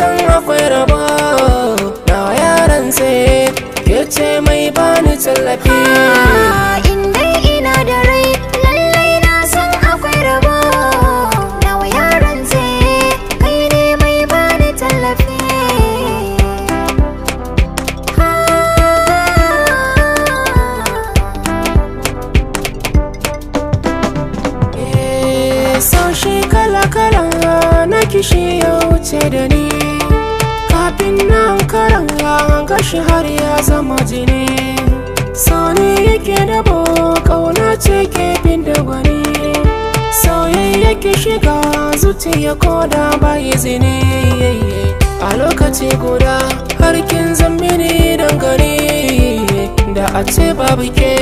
san akwai rabo na yaran sai ya ce mai bani tallafi kishi ya wuce da ni kafin nan karan ya gashi har ya zama jini sani yake dabo kauna ce ke bin da gwani sauyayya yake shiga zuciya ko da bayi zini a lokaci guda harkin kin don dangane da a ce babu ke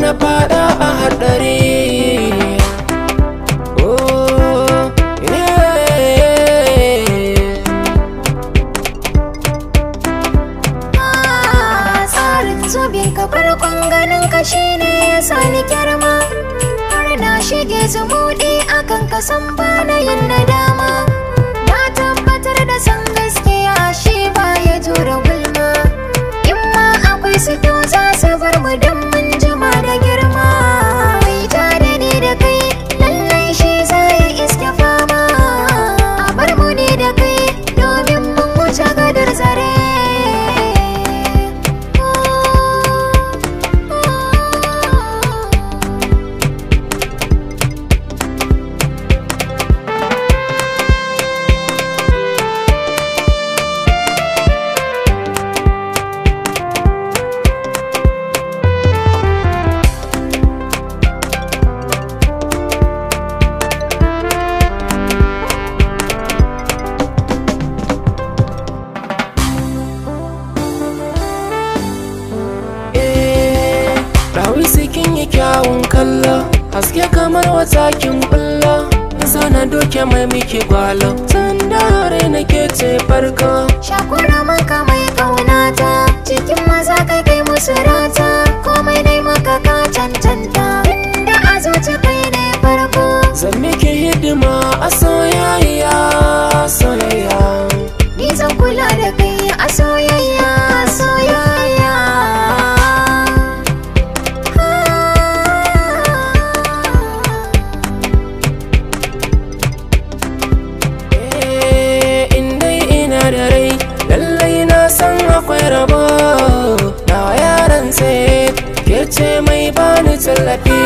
na fada a haɗari shi ne ya sani kirma har na shige zumuɗi akan kasan bana yin nada shamsi kin yi kyawun kallo haske kamar wata kin bullo na doke mai muke gwalo tun na nake ce farka shakura maka mai kaunata cikin maza kai kai musu rata la